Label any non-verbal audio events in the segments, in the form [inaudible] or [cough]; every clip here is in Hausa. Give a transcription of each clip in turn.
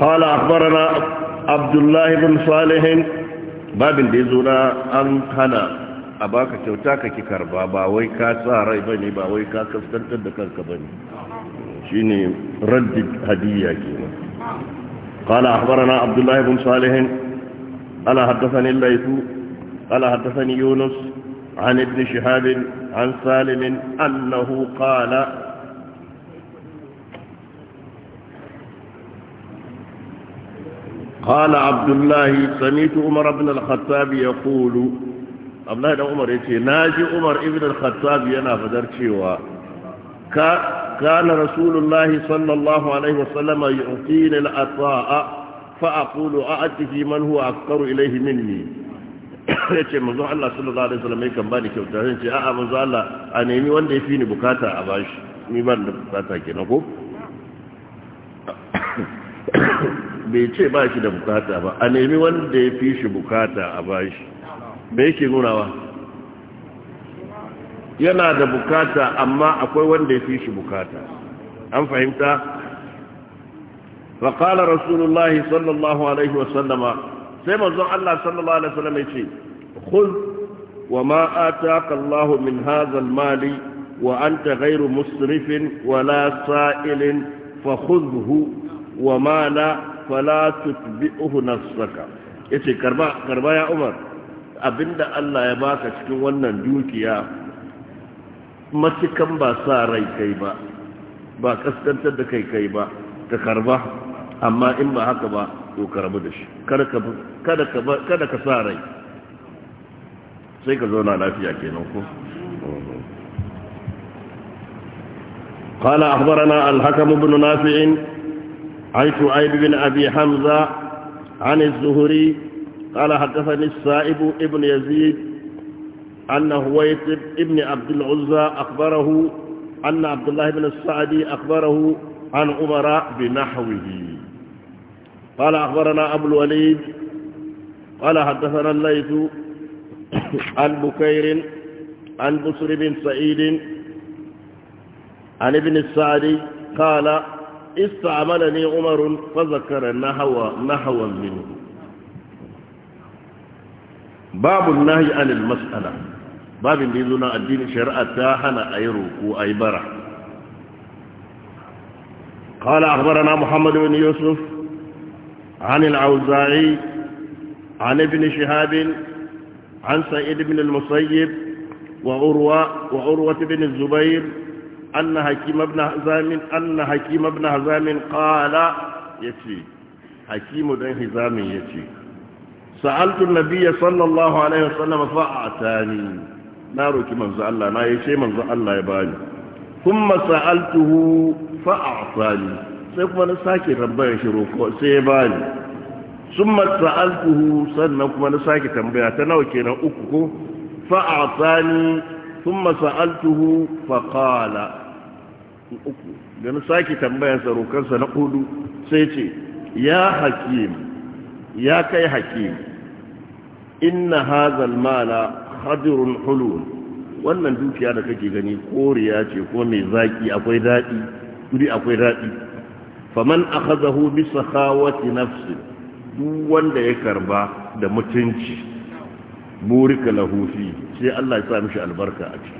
قال أخبرنا عبد الله بن صالح babin da ya zo na an hana a baka kyauta ka ki karba ba wai ka sa rai ba wai ka da kanka raddi hadiyya kenan قال أخبرنا عبد الله بن صالح قال حدثني الليث قال حدثني يونس عن ابن شهاب عن سالم أنه قال قال عبد الله سمعت عمر بن الخطاب يقول عبد الله بن عمر يتي ناجي عمر ابن الخطاب ينا فدر cewa كان رسول الله صلى الله عليه وسلم يعطيني العطاء فأقول أعطه من هو أكثر إليه مني yace manzo Allah sallallahu alaihi wasallam yakan bani kyauta sai ce a'a manzo Allah a nemi wanda yafi ni bukata a bashi ni ban da bukata kenan ko bai ce ba shi da bukata ba a nemi wanda ya fi shi bukata a ba shi Bai yake nunawa yana da bukata amma akwai wanda ya fi shi bukata an fahimta faƙalar rasulullahi sallallahu alaihi wasallama sai manzon Allah sallallahu alaihi wasallam ya ce khudh wa ma ataka min hadha mali wa anta gairu musrifin wala sa'ilin fa wa ma la fala tutbi'uhu nafsaka yace karba karba ya Umar abinda Allah ya baka cikin wannan dukiya matukan ba sa rai kai ba ba kaskantar da kai kai ba ka karba amma in ba haka ba to karbu da shi kada ka kada ka sa rai sai ka zauna lafiya kenan ko قال أخبرنا الحكم بن نافع عن شعيب بن أبي حمزة عن الزهري قال حدثني السائب ابن يزيد أن هويت ابن عبد العزى أخبره أن عبد الله بن السعدي أخبره عن عمر بنحوه قال أخبرنا أبو الوليد قال حدثنا الليث عن بكير عن بصر بن سعيد عن ابن السعدي قال استعملني عمر فذكر نهوى نهوى منه باب النهي عن المسألة باب يزنا الدين شرعة تاحنا أي ركوع أي قال أخبرنا محمد بن يوسف عن العوزاعي عن ابن شهاب عن سعيد بن المصيب وعروة, وعروة بن الزبير anna hakim ibn hazamin anna hakim ibn hazamin qala yace hakimu dan hazamin yace sa'altu nabiyya sallallahu alaihi wasallam fa'atani na roki manzo Allah na yace manzo Allah ya bani kuma sa'altuhu fa'atani sai kuma na sake tambayar shi sai ya bani kuma sa'altuhu sannan kuma na sake tambaya ta nawa kenan uku ko fa'atani ثم سألته فقال uku da na sake tambayar rokarsa na hudu sai ce ya hakim ya kai hakim inna hazal mala hadirun hulun wannan dukiya da kake gani koriya ce ko mai zaki akwai daɗi kudi akwai daɗi faman akhadahu bi sakhawati nafsi duk wanda ya karba da mutunci burika lahu fi sai Allah ya sa mishi albarka a ciki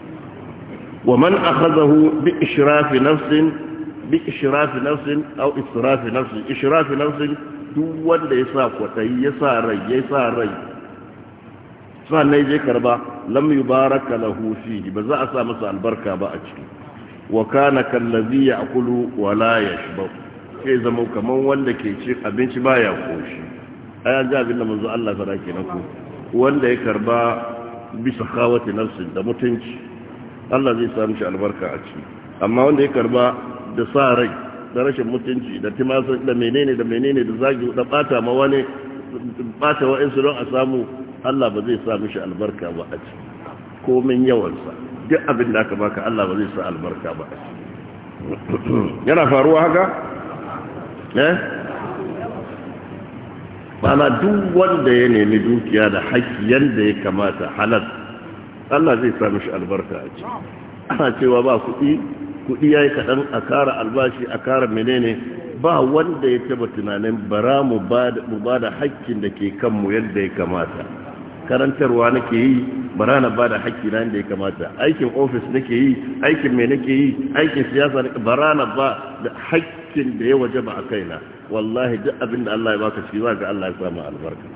ومن أخذه بإشراف نفس بإشراف نفس أو إسراف نفس إشراف نفس دول ليسا قتي يسا ري يسا ري sannan zai karba lam yubaraka lahu fihi ba za a sa masa albarka ba a ciki wa kana a kulu wa la yashba sai zama kaman wanda ke cin abinci baya koshi ai an ji abin da manzo Allah fara kenan ko wanda ya karba bisa khawati nafsin da mutunci Allah zai sa shi albarka a ciki amma wanda ya karba da sa rai da rashin mutunci da timasa da menene da menene da zagi da bata ma wani bata wa don a samu Allah ba zai sa shi albarka ba a ciki komin yawansa duk abin da aka baka Allah ba zai sa albarka ba a ciki yana faruwa haka eh ba duk wanda ya nemi dukiya da hakki yanda ya kamata halal Allah zai sami shi albarka a ce ana cewa ba kuɗi kuɗi yi kaɗan a kara albashi a kara menene ba wanda ya taba tunanin bara mu ba da haƙƙin da ke kanmu yadda ya kamata karantarwa nake yi bara na ba da haƙƙi na yadda ya kamata aikin ofis nake yi aikin mai nake yi aikin siyasa bara na ba da haƙƙin da ya waje ba a kaina wallahi duk abin da Allah ya baka shi za ga Allah ya samu albarka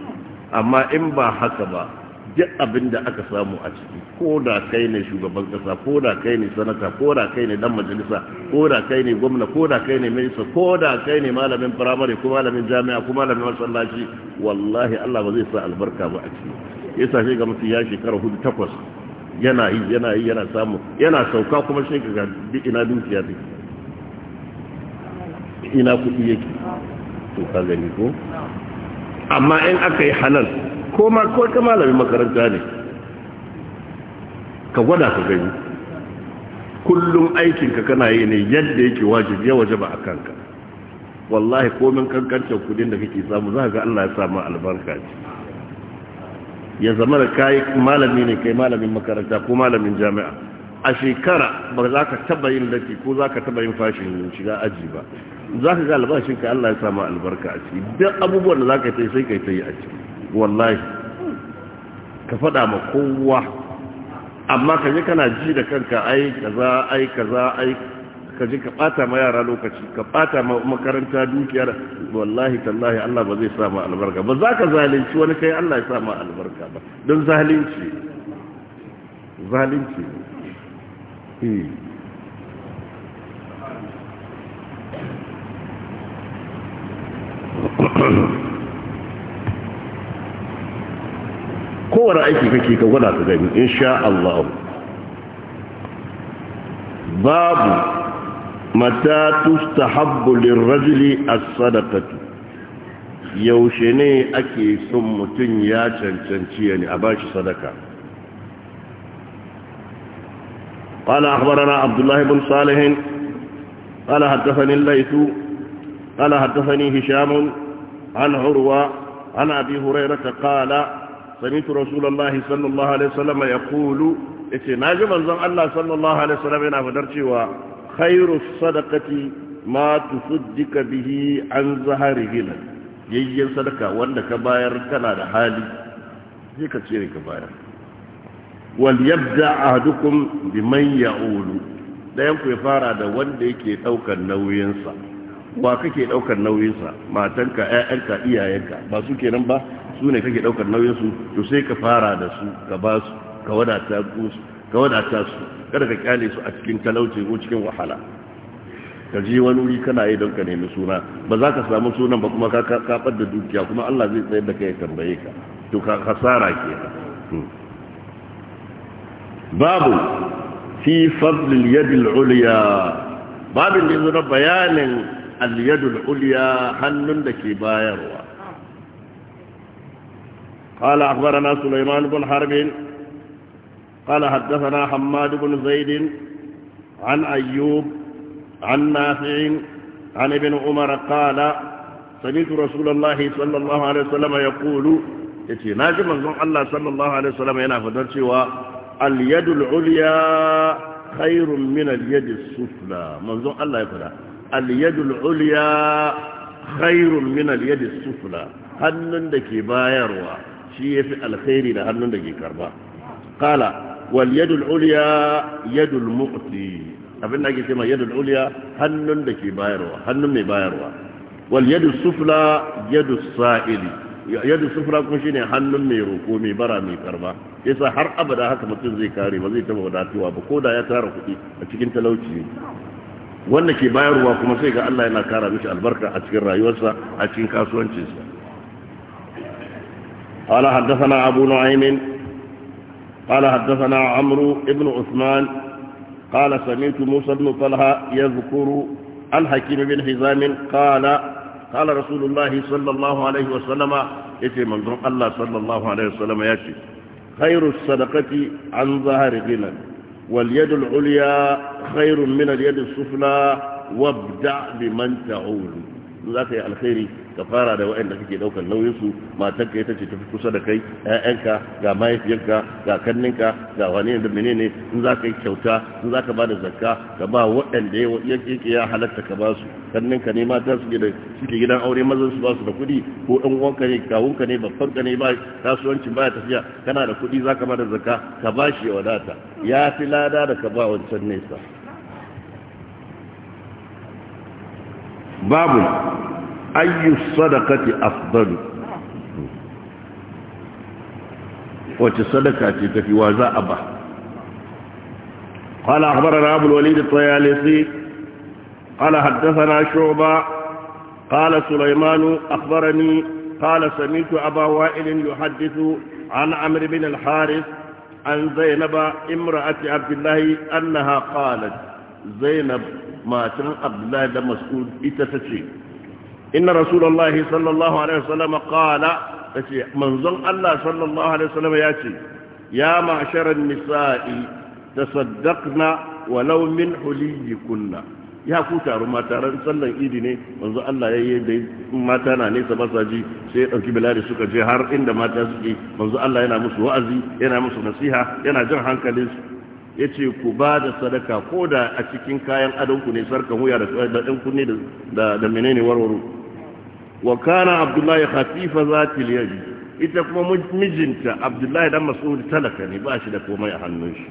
amma in ba haka ba duk abin da aka samu a ciki ko da kai ne shugaban kasa ko da kai ne sanata ko da kai ne dan majalisa ko da kai ne gwamna ko da kai ne minista ko da kai ne malamin firamare ko malamin jami'a ko malamin masallaci wallahi Allah ba zai sa albarka ba a ciki yasa sai ga mutum ya shekara hudu takwas yana yi yana yi yana samu yana sauka kuma shi ga ina dukiya take ina kuɗi yake to ka gani ko amma in aka yi halal ko ma ko ka malamin makaranta ne ka gwada ka gani kullum aikinka kana yi ne yadda yake wajibi ya waje ba a kanka wallahi komin kankancin kudin da kake samu za ga Allah ya samu albarka ce ya zama da kayi malami ne kai malamin makaranta ko malamin jami'a a shekara ba za ka taba yin lafi ko za ka taba yin fashin shiga aji ba za ka ga albashinka Allah ya samu albarka a ciki duk abubuwan da za ka yi sai kai ta yi a ciki wallahi ka faɗa ma kowa amma ka je kana ji da kanka ai kaza ai kaza ai ka ji ka ɓata ma yara lokaci ka ɓata ma makaranta dukiyar wallahi tallahi Allah ba zai sa ma albarka ba za ka zalunci wani kai Allah ya sa ma albarka ba don zalunci zalunci eh. Thank [clears throat] you. kowane aiki kake ka gwada ta gani in Allah babu mata tusta habbulin rajili a sadakatu yaushe ne ake son mutum ya cancanci ya a ba sadaka ƙwala akwararra abdullahi bin salihin ƙwala hattafanin laitu ƙwala hattafanin hishamun an hurwa ana bi hurai raka سمعت رسول الله صلى الله عليه وسلم يقول yace na ji manzon Allah sallallahu alaihi wasallam yana fadar cewa khairu sadaqati ma tusaddika bihi an zahari hilal yayyin sadaka wanda ka bayar kana da hali sai ka cire ka bayar wal yabda ahdukum biman ya'ulu dayan ku ya fara da wanda yake daukar nauyinsa wa kake daukar nauyinsa matanka ƴaƴanka iyayenka ba su kenan ba su ne kake daukar nauyinsu? su to sai ka fara da su ka ba su ka wadata su ka wadata su kada ka kyale su a cikin talauci ko cikin wahala ka wani wuri kana yi don ka nemi suna ba za ka samu sunan ba kuma ka kabar dukiya kuma Allah zai tsayar da kai ya tambaye ka to ka hasara ke hmm. babu fi fadlil yadil uliya babin da bayanin al yadul uliya hannun da ke bayarwa قال أخبرنا سليمان بن حرب قال حدثنا حماد بن زيد عن أيوب عن نافع عن ابن عمر قال سمعت رسول الله صلى الله عليه وسلم يقول يتي ناجم الله صلى الله عليه وسلم ينافذ سوى اليد العليا khairun min al-yad as-sufla manzon Allah ya fada al-yad al-ulya khairun min al-yad as-sufla hannun da ke bayarwa shi yafi alkhairi da hannun da ke karba qala wal yadul ulya yadul mu'ti abin da ake cewa yadul ulya hannun da ke bayarwa hannun mai bayarwa wal yadus sufla yadus sa'ili yadus sufla kuma shine hannun mai roko mai bara mai karba yasa har abada haka mutum zai kare ba zai taba wadatuwa ba ko da ya tara kuɗi a cikin talauci wanda ke bayarwa kuma sai ga Allah yana kara mishi albarka a cikin rayuwarsa a cikin kasuwancinsa قال حدثنا أبو نعيم قال حدثنا عمرو بن عثمان قال سمعت موسى بن طلحة يذكر عن حكيم بن حزام قال قال رسول الله صلى الله عليه وسلم يتي منظر الله صلى الله عليه وسلم يأتي خير الصدقة عن ظهر غنى واليد العليا خير من اليد السفلى وابدع بمن تعول ذاك الخير ka fara da waɗanda kake ɗaukar nauyinsu matarka ita ce tafi kusa da kai ƴaƴanka ga mahaifiyarka ga kanninka ga wani da menene in za ka yi kyauta in za ka ba da zakka ka ba waɗanda ya yake ya halatta ka ba su kanninka ne mata su da suke gidan aure mazan su ba su da kuɗi ko ɗan uwanka ne kawunka ne babbanka ne ba kasuwanci ba tafiya kana da kuɗi za ka ba da zakka ka ba shi wadata ya fi lada da ka ba wancan nesa babu أي الصدقة أفضل وتصدقة في وزاء أبه قال أخبرنا أبو الوليد الطيالسي قال حدثنا شعبة قال سليمان أخبرني قال سمعت أبا وائل يحدث عن عمرو بن الحارث عن زينب امرأة عبد الله أنها قالت زينب ما تنقب عبد الله مسؤول إتفتشي inna rasulullahi sallallahu alaihi wasallam qala ya ce ya ma'sharan nisa'i tasaddaqna walau min huliyikunna ya ku taru mata ran sallan idi ne manzo Allah ya yi dai mata na nesa ba sa ji sai ya dauki bilali suka je har inda mata suke manzo Allah yana musu wa'azi yana musu nasiha yana jan hankalin su yace ku ba da sadaka ko da a cikin kayan adon ku ne sarkan wuya da da da menene warwaro wa kana abdullahi khatifa zatil yadi ita kuma mijinta abdullahi dan mas'ud talaka ne ba shi da komai a hannun shi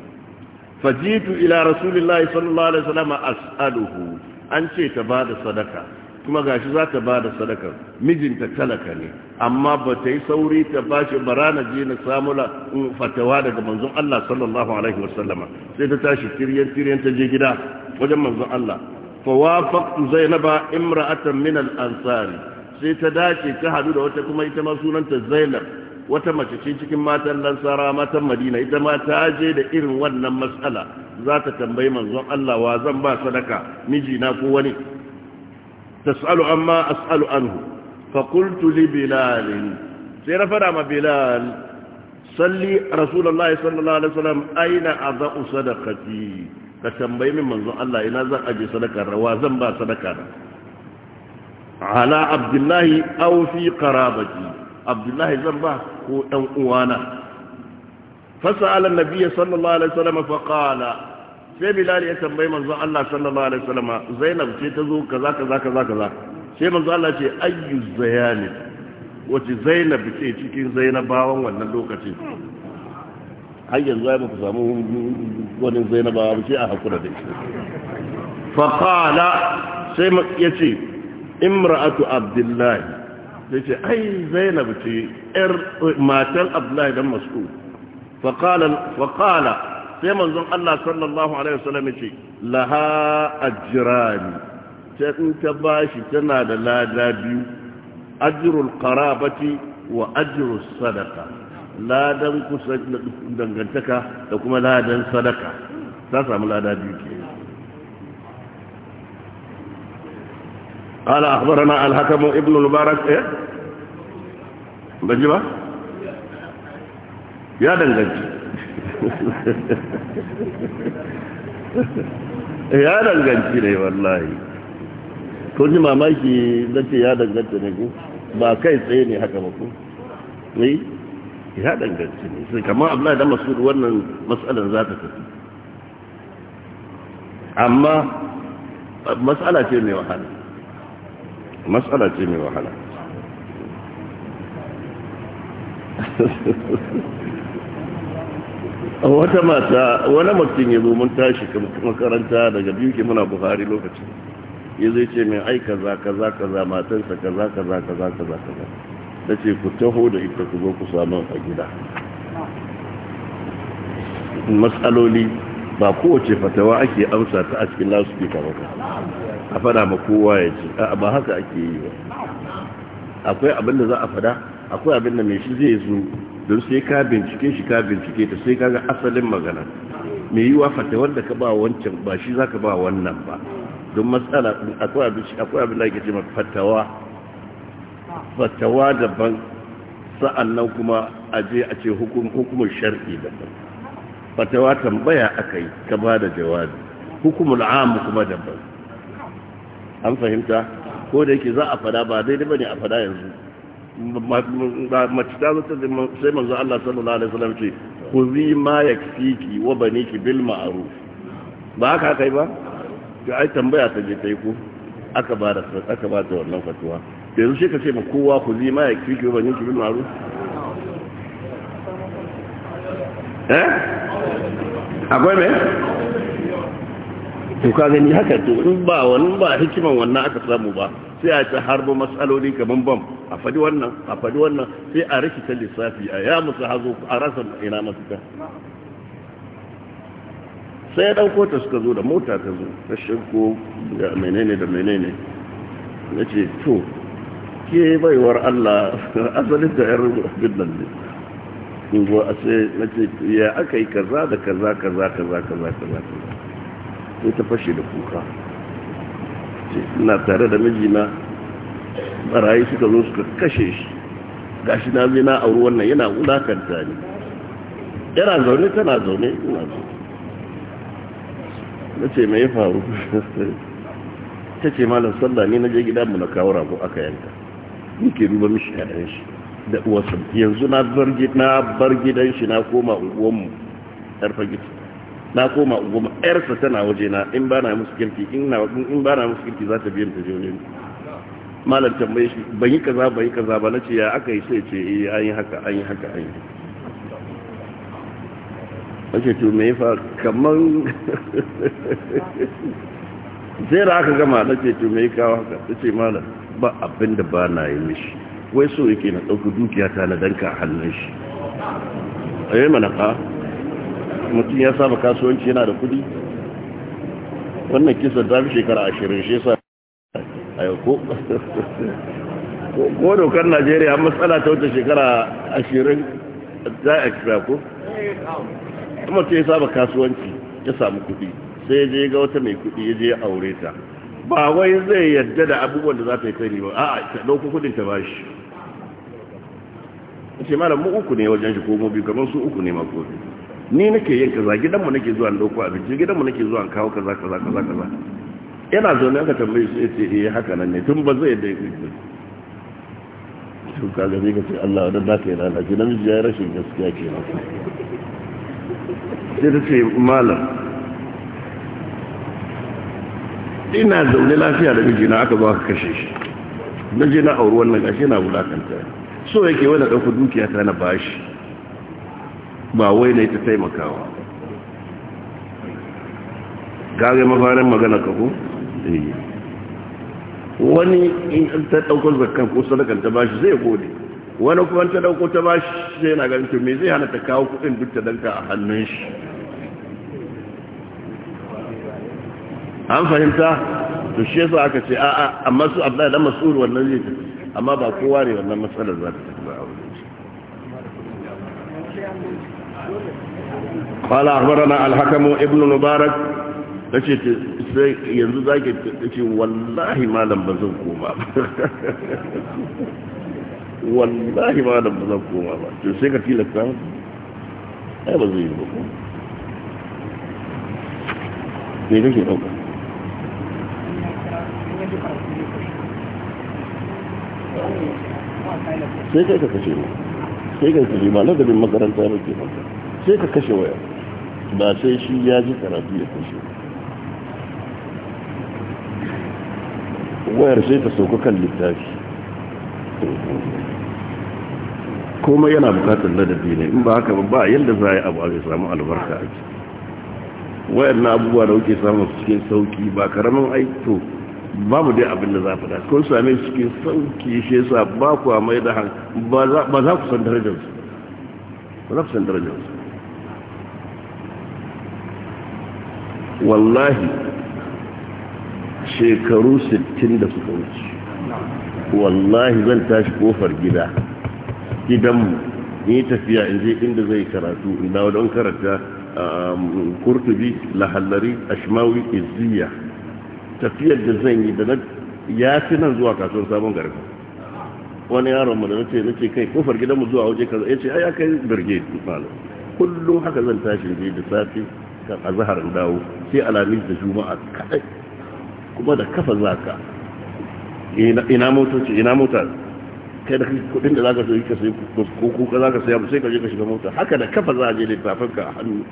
fajitu ila rasulillahi sallallahu alaihi wasallam as'aluhu an ce ta bada sadaka kuma gashi za ta bada sadaka mijinta talaka ne amma ba ta yi sauri ta bashi barana je na samu mm, fatawa daga manzon Allah sallallahu alaihi wasallam sai ta tashi tiryan tiryan ta je gida wajen manzon Allah fawafaqtu zainaba imra'atan min al-ansari sai ta dace ta hadu da wata kuma ita ma sunanta zainab wata mace ce cikin matan lansara matan madina ita ma ta je da irin wannan matsala za ta tambayi manzon Allah wa zan ba sadaka mijina ko wani tas'alu amma as'alu anhu fa qultu li bilal sai na fara ma bilal salli rasulullahi sallallahu alaihi wasallam aina adau sadaqati ka tambayi min manzon Allah ina zan aje sadaka rawa zan ba sadaka na? ala abdullahi aw fi qarabati abdullahi zan ba ko dan uwana fasala annabi sallallahu alaihi wasallam fa qala sai bilal ya tambayi manzon Allah sallallahu alaihi wasallam zainab ce ta zo kaza kaza kaza kaza sai manzon Allah ce ayyu zayani wace zainab ce cikin zainabawan wannan lokacin har yanzu ya muku samu wani zainabawa ce a hakura da shi faqala sai ya ce imra'atu abdullahi yace ai zainab ce yar matar abdullahi dan mas'ud fa qala fa qala sai manzon Allah sallallahu alaihi wasallam yace laha ajrani ta in ta bashi tana da lada biyu ajrul qarabati wa ajrus sadaqa ladan kusa dangantaka da kuma ladan sadaka ta samu lada biyu ke قال أخبرنا الحكم ibnu المبارك إيه؟ بجبا يا دنجج ya danganci ne wallahi ko ji mamaki zace ya danganta ne ba kai tsaye ne haka ba ku ya danganci ne sai kamar Abdullahi da Mas'ud wannan mas'alan za ta tafi amma mas'ala ce mai wahala matsala ce mai wahala wata mata wani mutum ya zo mun tashi makaranta daga biyu muna buhari lokaci, ya zai ce mai ka kaza kaza kaza matarsa kaza kaza kaza kaza za ta ce ku taho da ita ku zo ku samu a gida matsaloli ba kowace fatawa ake amsa ta a cikin lasu ke ba a fada ma kowa ya ce a ba haka ake yi ba akwai abin da za a fada akwai abin da mai shi zai zo don sai ka bincike shi ka bincike ta sai kaga asalin magana mai yiwa fata wanda ka ba wancan ba shi za ka ba wannan ba don matsala akwai abin da ake ce ma fatawa fatawa daban nan kuma a je a ce hukumar shar'i daban fatawa tambaya aka yi ka ba da jawabi hukumar amu kuma daban an fahimta ko da yake za a fada ba daidai bane a fada yanzu mace ta zata sai manzo Allah sallallahu alaihi wasallam ce khuzi ma yakfiki wa baniki bil ma'ruf ba haka kai ba to ai tambaya ta je kai ko aka ba da aka ba da wannan fatuwa yanzu shi ka ce ma kowa khuzi ma yakfiki wa baniki bil ma'ruf eh akwai me to ka gani haka to in ba wani ba hikiman wannan aka samu ba sai a ta harbo matsaloli kaman bam a fadi wannan a fadi wannan sai a rikita lissafi a ya musu hazo a rasa ina mafita sai ya ɗauko ta suka zo da mota ta zo ta shirko da menene da menene na ce to ke baiwar Allah [laughs] asalin da yar abin nan ne in a sai na ce ya aka yi kaza da kaza kaza kaza kaza kaza kaza sai ta fashe da kuka ina tare da mijina barayi suka zo suka kashe shi gashi na zai na auri wannan yana wulakanta ne yana zaune tana zaune ina zaune na ce mai faru [laughs] ta ce malam sallah ne na je gida mu na kawo rago aka yanka Ni ke duba mishi yaran shi da uwarsa yanzu na bar gidan shi na koma unguwanmu yar fagiti na koma goma yarsa tana waje na in ba na musu kirki in na in ba na musu kirki za ta biyan ta je wajen malam tambaye shi ban yi kaza ban yi kaza ba nace ya aka yi sai ce eh an yi haka an yi haka an yi wace to me fa kaman [laughs] sai da aka gama nace to me kawo haka nace malam ba abinda ba na yi mishi wai so yake na ɗauki dukiya ta na danka a hannun shi a yi mana ka mutum ya saba kasuwanci yana da kudi wannan kisa ta fi shekara ashirin shi sa a yau ko dokar najeriya matsala ta wata shekara ashirin za a kira ko amma ta ya saba kasuwanci ya samu kudi sai ya je ga wata mai kudi ya je ya aure ta ba wai zai yadda da abubuwan da za ta yi sani ba a ta ɗauko kudin ta ba shi ce malam mu uku ne wajen shi ko mu biyu kamar su uku ne ma ko ni nake yin kaza gidanmu nake zuwa dauko abinci gidanmu nake zuwa kawo kaza kaza kaza kaza yana zaune aka tambaye shi yace eh haka nan ne tun ba zai da yake to ka ga ka ce Allah da kai yi lalace namiji ya rashin gaskiya ke nan sai ta ce malam ina zaune lafiya da mijina aka zo aka kashe shi na je na auri wannan gashi na wulakanta so yake wani ɗauka dukiya ta na bashi ba wai ne ta taimakawa gare mafarin magana ka ko eh. wani in ta ɗauko zakkan ko sadakan ta bashi zai gode wani kuma ta ɗauko ta bashi sai na ganin to me zai hana ta kawo kudin duk ta danka a hannun shi an fahimta to shi yasa aka ce a'a amma su Abdullahi dan Mas'ud wannan zai tafi amma ba kowa ne wannan matsalar za ta tafi ba a wurin قال أخبرنا الحكم ابن مبارك nace sai yanzu zaki tace wallahi malam ba zan koma ba wallahi malam ba zan koma ba to sai ka tilasta ai ba zai ba ne sai ga su ba ladabin makaranta ba ke maka sai ka kashe waya ba sai shi ya ji karatu ya kashe wayar sai ta sauka kan littafi komai yana bukatar ladabi ne in ba haka ba yadda za a yi abu a samu albarka ake wayar na abubuwa da kuke samun cikin sauki ba karamin aiki babu dai abin da za ku da kun same su cikin sauki shi yasa ba ku mai da han ba za ku san darajar su ba za ku san darajar su wallahi shekaru 60 da suka wuce wallahi zan tashi kofar gida gidanmu ni tafiya in je inda zai karatu in dawo don karanta um, kurtubi lahallari ashmawi izziya tafiyar da zan yi da ya fi nan zuwa kasuwar sabon garba wani yaron mu da nace nace kai kofar gidan mu zuwa waje kaza yace ai akai birge tufalo kullum haka zan tashi je da safi kan azhar in dawo sai alamis da juma'a kadai kuma da kafa zaka ina motoci ina mota kai da kudin da zaka so ka sai ko ko ka zaka sai sai ka je ka shiga mota haka da kafa za a je littafin ka a hannu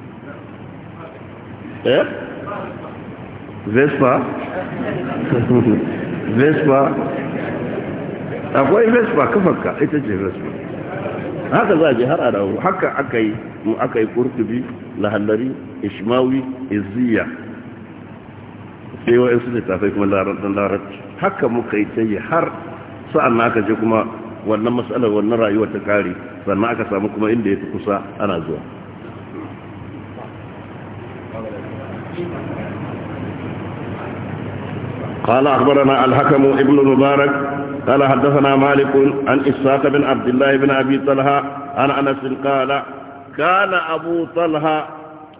eh vespa vespa akwai vespa kafarka ita ce vespa haka za a je har a dawo haka aka yi mu aka yi kurtubi lahallari ishmawi izziya sai wa'insu littafai kuma larabci haka muka yi ta yi har sa'an na aka je kuma wannan matsalar wannan rayuwar ta kare sannan aka samu kuma inda ya fi kusa ana zuwa قال أخبرنا الحكم ابن المبارك قال حدثنا مالك عن إسحاق بن عبد الله بن أبي طلحة عن أنس قال كان أبو طلحة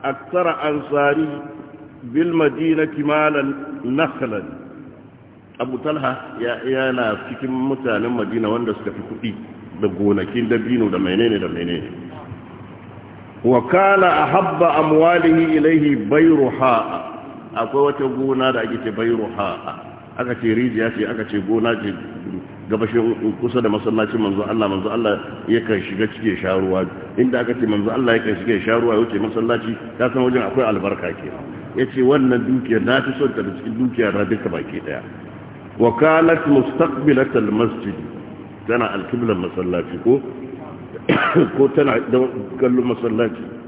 أكثر أنصاري بالمدينة مالا نخلا أبو طلحة يا cikin mutanen madina wanda suka fi kuɗi da gonakin dabino da menene da menene wa kana akwai wata gona da ake ce bayro ha aka ce rijiya ce aka ce gona ce gabashin kusa da masallacin manzo Allah manzo Allah yakan shiga cike sharuwa inda aka ce manzo Allah yakan shiga sharuwa yace masallaci ta san wajen akwai albarka ke yace wannan dukiya na fi son ta cikin dukiya na duka baki daya wa kanat mustaqbilat almasjid tana alqibla masallaci ko [coughs] ko tana kallon masallaci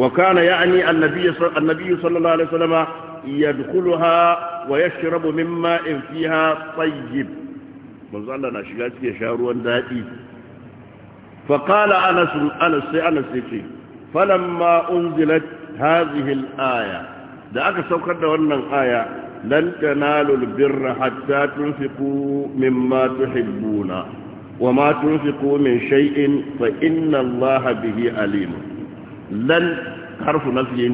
وكان يعني النبي صلى, النبي صلى الله عليه وسلم يدخلها ويشرب مما إن فيها طيب منذ أننا شكات في شهر فقال أنس أنس أنس فلما أنزلت هذه الآية دعك سوكر دورنا الآية لن تنالوا البر حتى تنفقوا مما تحبون وما تنفقوا من شيء فإن الله به أليمه lan harfu نفي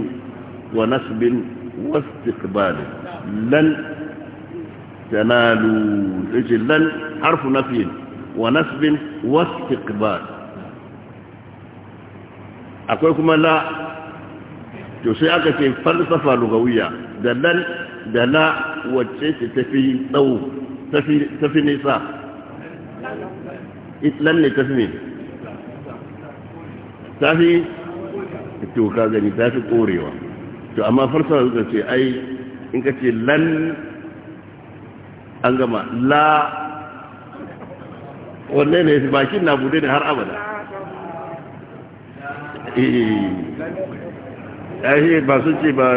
wa واستقبال لن تنالوا lan tanalu yace lan harfu wa akwai kuma la to sai aka ce falsafa lugawiya da lan da la wacce ce tafi nisa Lan ne tafi ne to ka gani ta fi korewa to amma farsawa suka ce ai in ka ce lan an gama la wannan ne su bakin na bude ne har abada eh, eh, eh ba su ce ba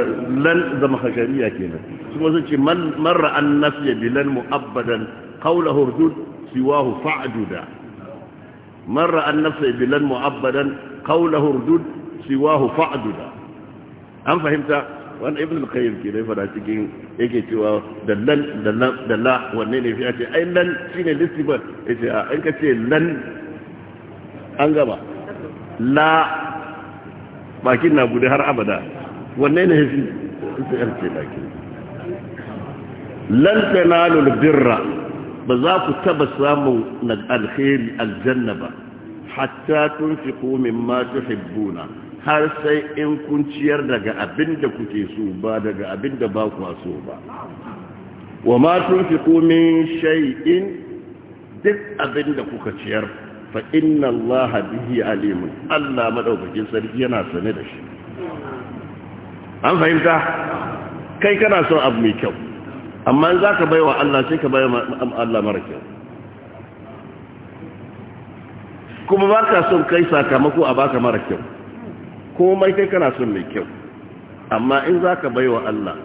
lan zama hashariya kenan ma su ce man marra an nafiya bilan mu'abbadan qawla hurdud siwahu fa'duda marra an nafiya bilan mu'abbadan qawla hurdud siwahu fa'duda an fahimta wani ibn al-qayyim ke da fara cikin yake cewa dallan dallan dalla wanne ne fi a ce ai lan shine listibar yace a in ka ce lan an gaba la bakin na bude har abada wanne ne fi sai ce bakin lan tanalu birra ba za ku taba samun alkhairi aljanna ba hatta tunfiqu mimma tuhibbuna har sai in kun ciyar daga abin da kuke so ba daga abin da ba ku so ba wa ma tunfiqu min shay'in duk abin da kuka ciyar fa inna allaha bihi alim Allah madaukakin sarki yana sane da shi an fahimta kai kana son abu mai kyau amma in zaka baiwa Allah sai ka baiwa Allah mara kyau kuma baka son kai sakamako a baka mara kyau komai kai kana son mai kyau amma in za ka bai wa Allah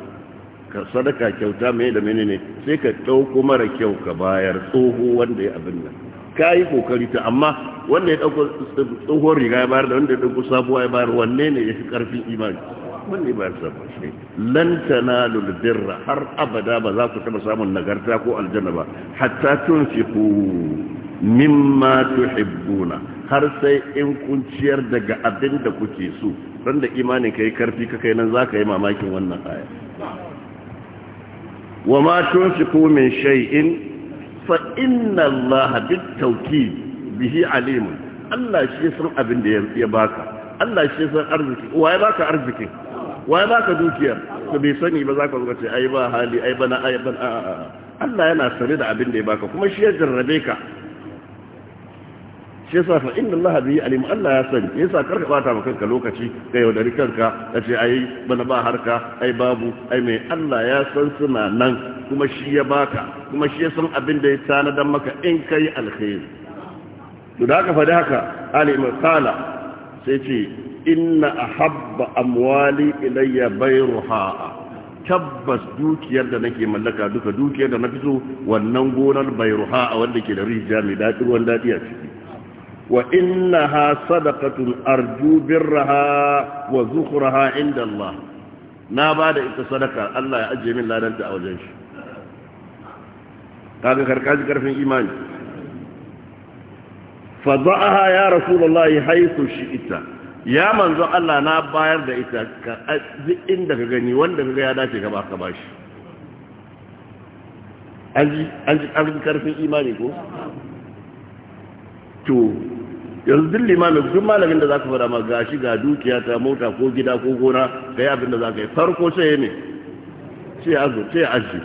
ka sadaka kyauta mai da mini ne sai ka ɗauko mara kyau ka bayar tsoho wanda ya abin nan ka yi kokari ta amma wanda ya ɗauko tsohon riga ya bayar da wanda ya ɗauko sabuwa ya bayar wanne ne ya fi ƙarfin imani wanne ya bayar sabuwa shi lan tanalu lulbirra har abada ba za ku taɓa samun nagarta ko aljanna ba hatta tun tunfiqu mimma tuhibbuna har sai in kun ciyar daga abin da kuke so ran da imanin kai karfi ka kai nan zaka yi mamakin wannan aya wa ma tunfiqu min shay'in fa inna allaha bitawkid bihi alim Allah shi san abin da ya baka Allah shi san arziki wa ya baka arziki wa ya baka dukiyar to bai sani ba zaka zo ce ai ba hali ai bana ai ban a a, Allah yana sare da abin da ya baka kuma shi ya jarrabe ka shi yasa fa inna Allah bi alim Allah ya sani yasa karka bata maka kanka lokaci da yaudari kanka ce ai bana ba harka ai babu ai mai Allah ya san suna nan kuma shi ya baka kuma shi ya san abin da ya tanadan maka in kai alkhairi to da aka faɗi haka alim qala sai ce inna ahabba amwali ilayya bayruha tabbas dukiyar da nake mallaka duka dukiyar da na fito wannan gonar bayruha wanda ke da rijiya mai daɗi ruwan daɗi a ciki wa inna ha sadakatun arju birraha wa zukuraha inda na ba ita sadaka Allah ya ajiye min ladanta a wajen shi ta ga karfin imani fadda'aha ya rasulullahi haithu shi ita ya manzo Allah na bayar da ita ka inda ka gani wanda ka ga ya dace ka baka bashi an ji karfin imani ko? yanzu duk limamin duk malamin da ka fara maka gashi ga dukiya ta mota ko gida ko gona kai abin da za ka yi farko sai ya ne ce ya azu ce ya aji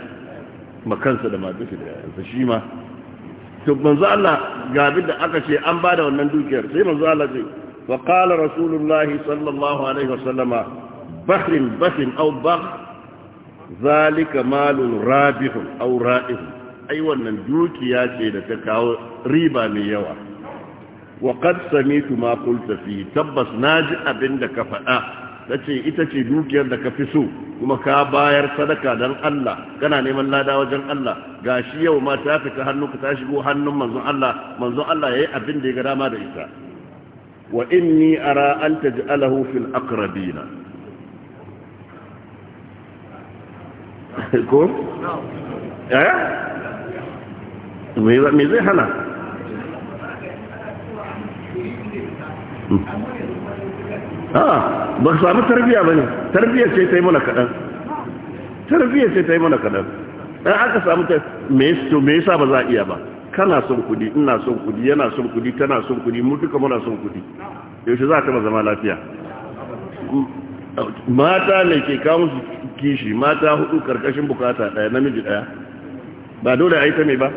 makansa da matashi da yanzu shi ma to manzo Allah ga abin da aka ce an bada wannan dukiyar sai manzo Allah ce wa qala rasulullahi sallallahu alaihi wasallama bahrin bahrin aw bah zalika malun rabihun aw ra'ihun ai wannan dukiya ce da ta kawo riba mai yawa wa qad samitu ma qulta fi tabbas naji abinda ka faɗa tace ita ce dukiyar da ka fi so kuma ka bayar sadaka dan Allah kana neman lada wajen Allah gashi yau ma ta fita hannunka ta shigo hannun manzon Allah manzon Allah yayi abin da ya ga dama da ita wa inni ara an taj'alahu fil aqrabina ko eh me zai hana Hmm. a ah, ba su samu tarbiya ba ne tarbiya ce ta yi mana kaɗan tarbiya ce ta yi mana kaɗan ɗan aka samu ta me yasa ba za a iya ba kana son kudi ina son kudi yana son kudi tana son kudi mu duka muna son kudi yaushe za a ta zama lafiya hmm. mata ne ke kawo su kishi mata hudu karkashin bukata daya namiji daya ba dole a yi ta mai ba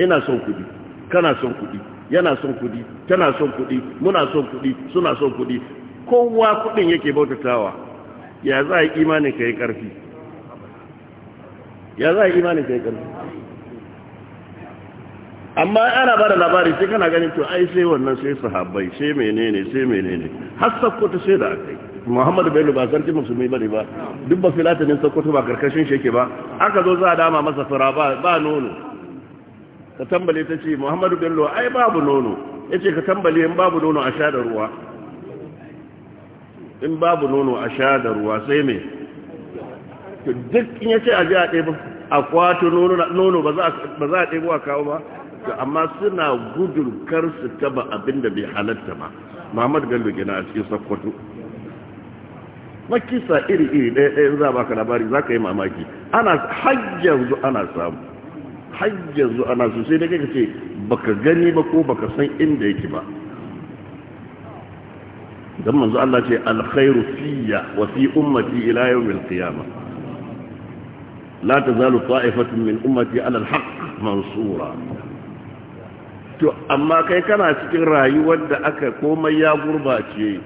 ina son kudi kana son kudi yana son kudi tana son kudi muna son kudi suna son kudi kowa kudin yake bautatawa ya za a yi imanin ka yi karfi ya za a yi imanin ka yi karfi amma ana ba da labari sai kana ganin to ai sai wannan sai sahabbai sai menene sai menene har sakkwato sai da aka yi muhammadu bello ba sarki musulmi ba ne ba duk ba filatanin sokoto ba karkashin shi yake ba aka zo za a dama masa fura ba nono ka tambale ta ce muhammadu bello ai babu nono ya ce ka tambale in babu nono a sha da ruwa in babu nono a sha da ruwa sai mai duk in ya ce a ji a ɗaya a kwato nono ba za a ɗaya a kawo ba amma suna gudun kar su taba abin da bai halatta ba muhammadu bello gina a cikin sakkwato makisa iri-iri ɗaya-ɗaya za ba ka labari za ka yi mamaki ana hajjar ana samu har yanzu ana so sai da kai ce baka gani ba ko baka san inda yake ba dan manzo Allah ce alkhairu fiyya wa fi ummati ila yawmil qiyamah la tazalu ta'ifatun min ummati ala alhaq mansura to amma kai kana cikin rayuwar da aka komai ya gurbace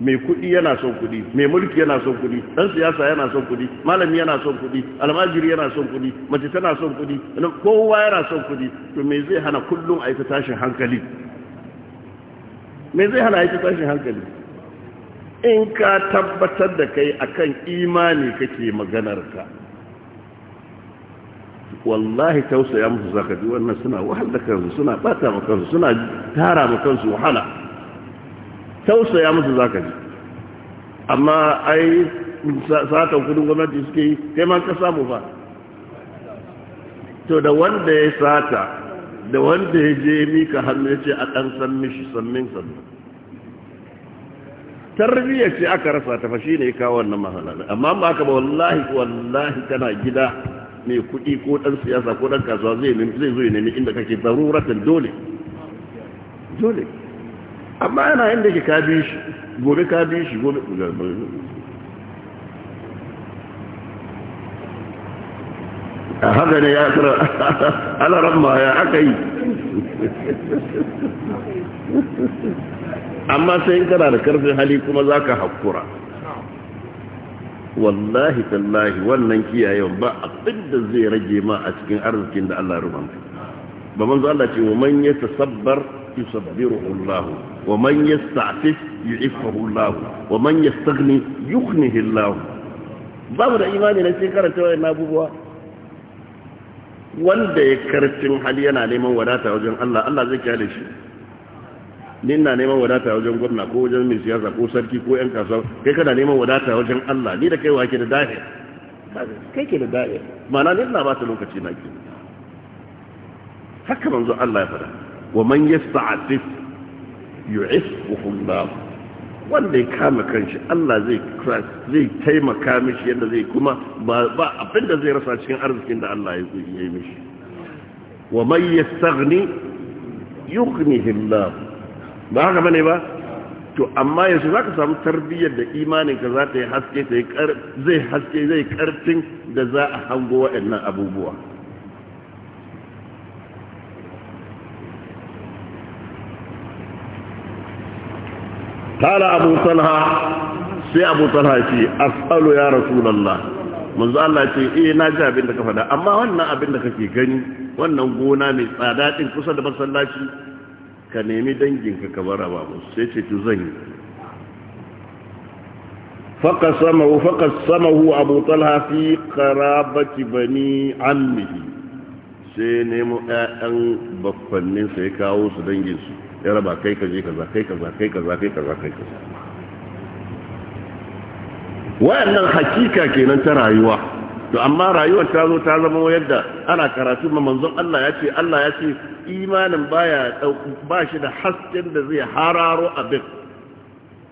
mai kuɗi yana son kuɗi mai mulki yana son kuɗi ɗan siyasa yana son kuɗi malami yana son kuɗi almajiri yana son kuɗi mace tana son kuɗi kowa yana son kuɗi to me zai hana kullum a yi ta tashin hankali me zai hana a yi ta tashin hankali in ka tabbatar da kai akan imani kake maganar ka wallahi tausaya musu zakati, wannan suna wahal da kansu suna bata ma kansu suna tara ma kansu wahala tausaya musu za ji amma ai satan kudin gwamnati suke yi taiman ka samu ba to da wanda ya sata da wanda ya je mika hannu ya ce a ɗan san mishi sammin sannan tarbiyyar ce aka rasa ta fashi ne kawo wannan mahalar amma ba aka ba wallahi wallahi kana gida mai kuɗi ko ɗan siyasa ko ɗan kasuwa zai zo ya nemi inda kake zaruratan dole dole amma yana inda ke ka shi gobe ka shi gobe a haka ne ya tsara [laughs] alaran ma ya aka yi amma sai in kana da karfin hali kuma za ka haƙura wallahi tallahi wannan kiyayen ba abin da zai rage ma a cikin arzikin da Allah rubanka ba manzo Allah ce wa sabbar yatasabbar yusabbiru allahu ومن يستعفف يعفه الله ومن يستغني يغنه الله babu da imani na sai karanta wayan abubuwa wanda ya karfin hali yana neman wadata wajen Allah Allah zai kyale shi ni na neman wadata wajen gwamna ko wajen min siyasa ko sarki ko yan kasuwa kai kana neman wadata wajen Allah ni da kai wa ke da dahi kai ke da dahi mana ni na ba ta lokaci na ke haka manzo Allah ya fada wa man yasta'atif yu'ifuhu Allah wanda ya kama kanshi Allah zai zai taimaka mishi yadda zai kuma ba abinda zai rasa cikin arzikin da Allah ya yi mishi wa man yastaghni yughnihi Allah ba haka bane ba to amma yanzu zaka samu tarbiyyar da imanin ka zata yi haske sai zai haske zai karfin da za a hango waɗannan abubuwa kala abu talha sai abu talha ce asalu ya rasulallah manzo Allah ce e na ji abin da ka faɗa amma wannan abin da kake gani wannan gona mai tsada din kusa da masallaci ka nemi dangin ka ka bara babu. sai ce tu zan yi faqa sama wa faqa sama hu abu talha fi qarabati bani ammi sai nemo ɗayan baffannin sai kawo su dangin su ya raba kai ka je kaza kai kaza kai kaza kai kaza kai kaza wayannan hakika kenan ta rayuwa to amma rayuwar ta zo ta zama yadda ana karatu ma manzon Allah ya ce Allah ya ce imanin baya ba shi da hasken da zai hararo abin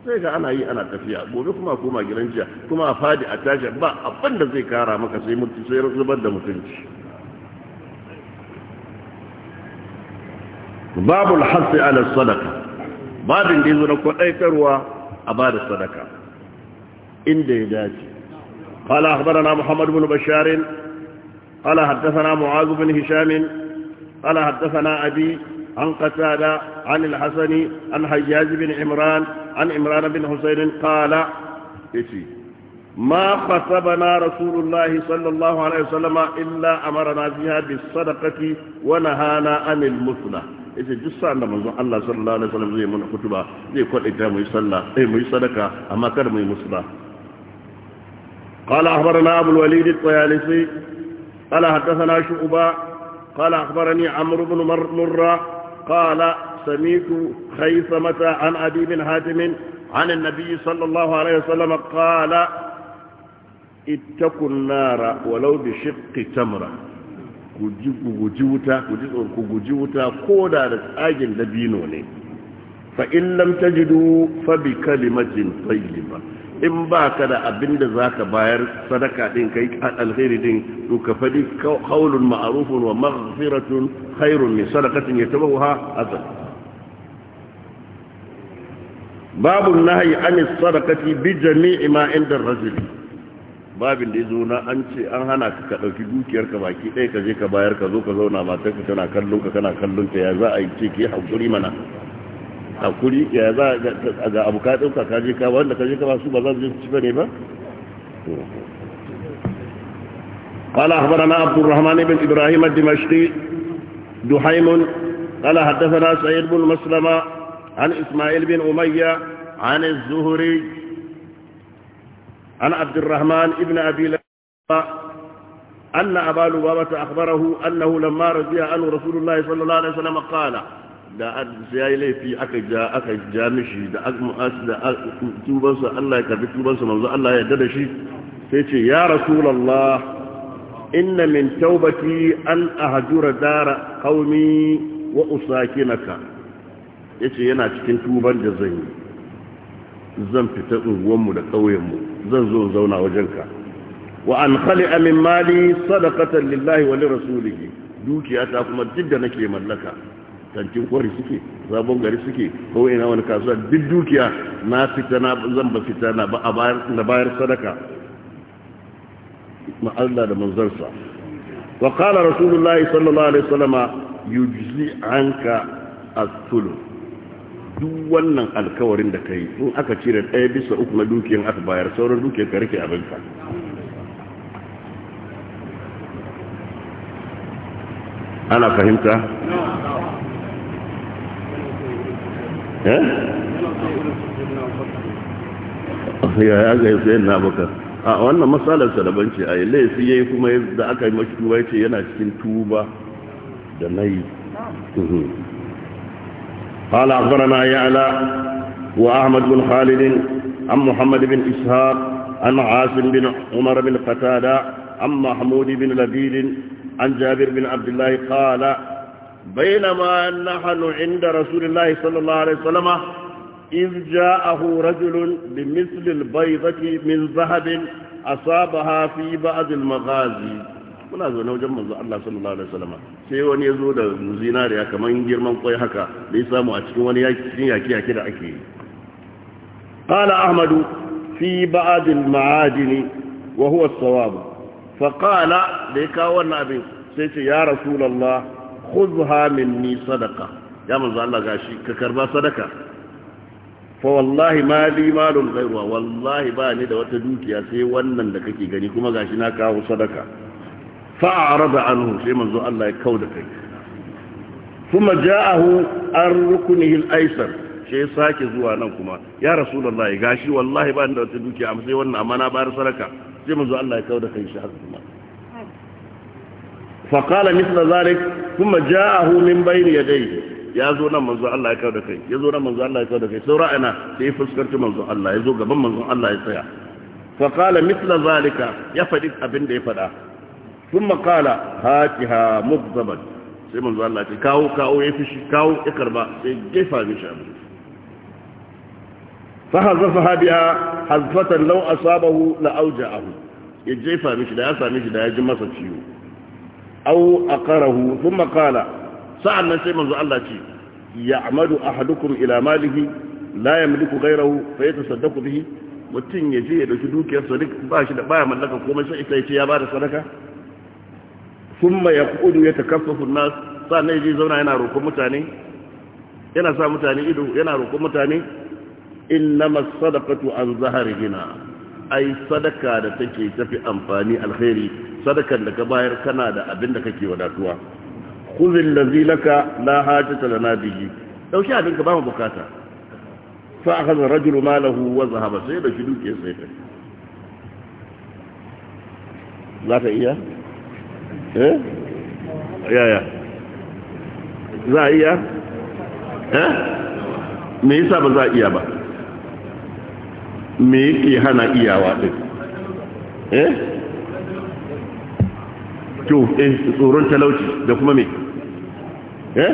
sai ga ana yi ana tafiya gobe kuma koma gidan jiya kuma a fadi a tashi ba abin da zai kara maka sai mutu sai zubar da mutunci babu alhassi ala sadaka babin da yanzu na kwaɗaikarwa a ba da sadaka inda ya dace ƙala haɓarana muhammadu bin basharin ƙala haddasana mu'azu bin hishamin ƙala haddasana abi an ƙasa da an bin imran an imran bin husainin ƙala isi ma fasabana rasulullahi sallallahu alaihi wasallama illa amara na fiya bi sadakati wa nahana anil musla Allah sallallahu zai mana kutuba zai mu yi sallah eh, mu yi sadaka amma mu yi قال أخبرنا أبو الوليد الطيالسي قال حدثنا شعبا قال أخبرني عمرو بن مرة قال سميت خيثمة عن أبي بن حاتم عن النبي صلى الله عليه وسلم قال اتقوا النار ولو بشق تمره ku guji wuta guji wuta ko da da tsagin dabino ne fa in lam tajidu fa bi kalimatin tayyiba in ba ka da abin da za ka bayar sadaka ɗin din kai alheri din to ka faɗi haulun ma'arufun wa maghfiratun khairun min sadaqatin yatabawaha azab babu nahyi an sadaqati bi jami'i ma inda rajuli babin da ya zo na an ce an hana ka ka ɗauki dukiyar ka baki ɗaya ka je ka bayar ka zo ka zauna matarka tana kallon ka kana kallon ta ya za a yi ce ke haƙuri mana haƙuri ya za a ga abu ka ɗauka ka je ka wanda ka je ka ba su ba za su je su ci bane ba قال أخبرنا عبد الرحمن بن إبراهيم الدمشقي دحيم قال حدثنا سعيد بن مسلمة عن إسماعيل بن أمية عن الزهري عن عبد الرحمن ابن أبي لبا أن أبا لبابة أخبره أنه لما رضي عنه رسول الله صلى الله عليه وسلم قال da ya yi laifi aka ja aka ja mishi da azmu'as da tubansa Allah ya karbi tubansa manzo Allah ya yarda da shi sai ce ya rasulullah inna min tawbati an ahjura dara qaumi wa usakinaka yace yana cikin tuban da zan yi zan fita unguwanmu da ƙauyenmu zan zo zauna wajenka wa an khali amin mali sadakatan lillahi wa lirasulihi dukiya ta kuma duk da nake mallaka tankin kwari suke zabon gari suke ko ina wani kasuwa duk dukiya na fita na zan ba fita na ba bayar sadaka ma Allah da manzarsa wa qala rasulullahi sallallahu alaihi wasallama yujzi anka as sulu duk wannan alkawarin da ka yi in aka cire ɗaya bisa uku na dukiyar aka bayar sauran dukiyar ka rike abinka ana fahimta? Eh? ya ya ga yasa yana baka a wannan matsalar daban ce a yi laifi ya yi kuma da aka yi mashi tuba ya ce yana cikin tuba da na yi قال أخبرنا يعلى وأحمد بن خالد عن محمد بن إسحاق عن عاصم بن عمر بن قتادة عن محمود بن لبيد عن جابر بن عبد الله قال بينما نحن عند رسول الله صلى الله عليه وسلم إذ جاءه رجل بمثل البيضة من ذهب أصابها في بعض المغازي muna zaune wajen manzo Allah sallallahu alaihi wasallam sai wani ya zo da zinariya kaman girman kwai haka da ya samu a cikin wani yakin yaki yaki da ake yi qala ahmadu fi ba'd al-ma'adin wa huwa as-sawab fa qala da ya kawo wannan abin sai ce ya rasulullah khudha minni sadaqa ya manzo Allah gashi ka karba sadaka fa wallahi ma li malun ghayruha wallahi ba ni da wata dukiya sai wannan da kake gani kuma gashi na kawo sadaka fa’arada anu shi manzo Allah ya kau da kai kuma ja'ahu an rukunihin aisar shi ya sake zuwa nan kuma ya rasuwa Allah ya gashi wallahi ba da wata duki sai wannan amma na bayar saraka shi manzo Allah ya kau da kai shi hasuwa faƙala misla zarik kuma ja'ahu min bayin ya dai ya zo nan manzo Allah ya kau da kai ya zo nan manzo Allah ya kau da kai sau ra'ana sai ya fuskarci manzo Allah ya zo gaban manzo Allah ya tsaya faƙala misla zarika ya faɗi abinda ya faɗa ثم قال هاتها مغضبا sai manzo Allah ce kawo kawo ya fishi kawo ya karba sai gefa mishi abu fa hazafa biya hazfatan law asabahu la awja'ahu ya jefa mishi da ya sami shi da ya ji masa ciwo aw aqarahu thumma qala sa'annan sai manzo Allah ce ya'madu ahadukum ila malihi la yamliku ghayrahu fa yatasaddaqu bihi mutum ya je ya dauki dukiyar sa duk ba shi da baya mallaka komai sai ita ya ce ya ba da sadaka kun yaqudu yatakaffafu an-nas sannan yaje zauna yana roƙon mutane yana sa mutane ido yana roƙon mutane innamas sadaqatu an zahar gina ai sadaka da take tafi amfani alkhairi sadakan da ka bayar kana da abin da kake wadatuwa khudh na laka la hajata lana bihi dauki abin ka ba mu bukata fa akhadha rajulu malahu wa zahaba sai da shi duke sai ta za ta iya eh yaya za a iya eh me yasa ba za a iya ba me yake hana iyawa din eh to eh tsoron talauci da kuma me eh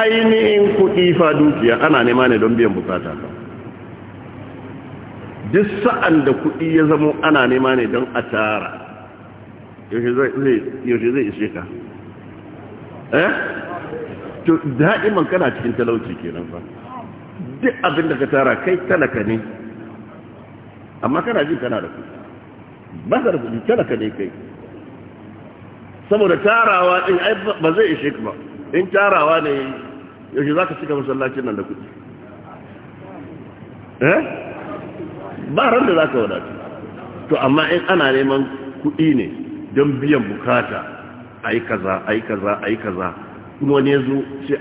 ainihin kuɗi fa dukiya ana nema ne don biyan bukata ba duk sa'an da kuɗi ya zamo ana nema ne don a tara yaushe zai ishe ka eh to da'iman kana cikin talauci kenan fa duk abin da ka tara kai talaka ne amma kana jin kana da kuɗi ba ka da kuɗi talaka ne kai saboda tarawa in, ai ba zai ishe ka ba in tarawa ne yaushe za ka cika masallacin nan da kuɗi eh ba ran da za ka wadatu to amma in ana neman kuɗi ne don biyan bukata a yi kaza a yi kaza a yi kaza kuma wani zo sai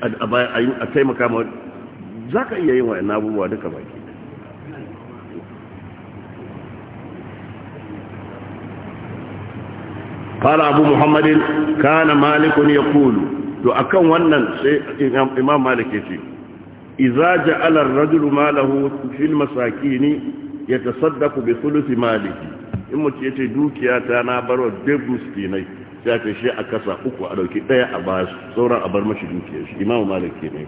a taimaka ma za ka iya yin wa'in abubuwa duka baki قال أبو محمد كان مالك يقول to akan wannan sai imam malik yace idza ja'ala ar-rajulu malahu fil masakini ya tasaddaku bi thuluthi maliki, in ya yace dukiya ta na barwa duk kenai sai aka shi a kasa uku a dauki daya a su sauran a bar mashi dukiyar shi imamu malik ke ne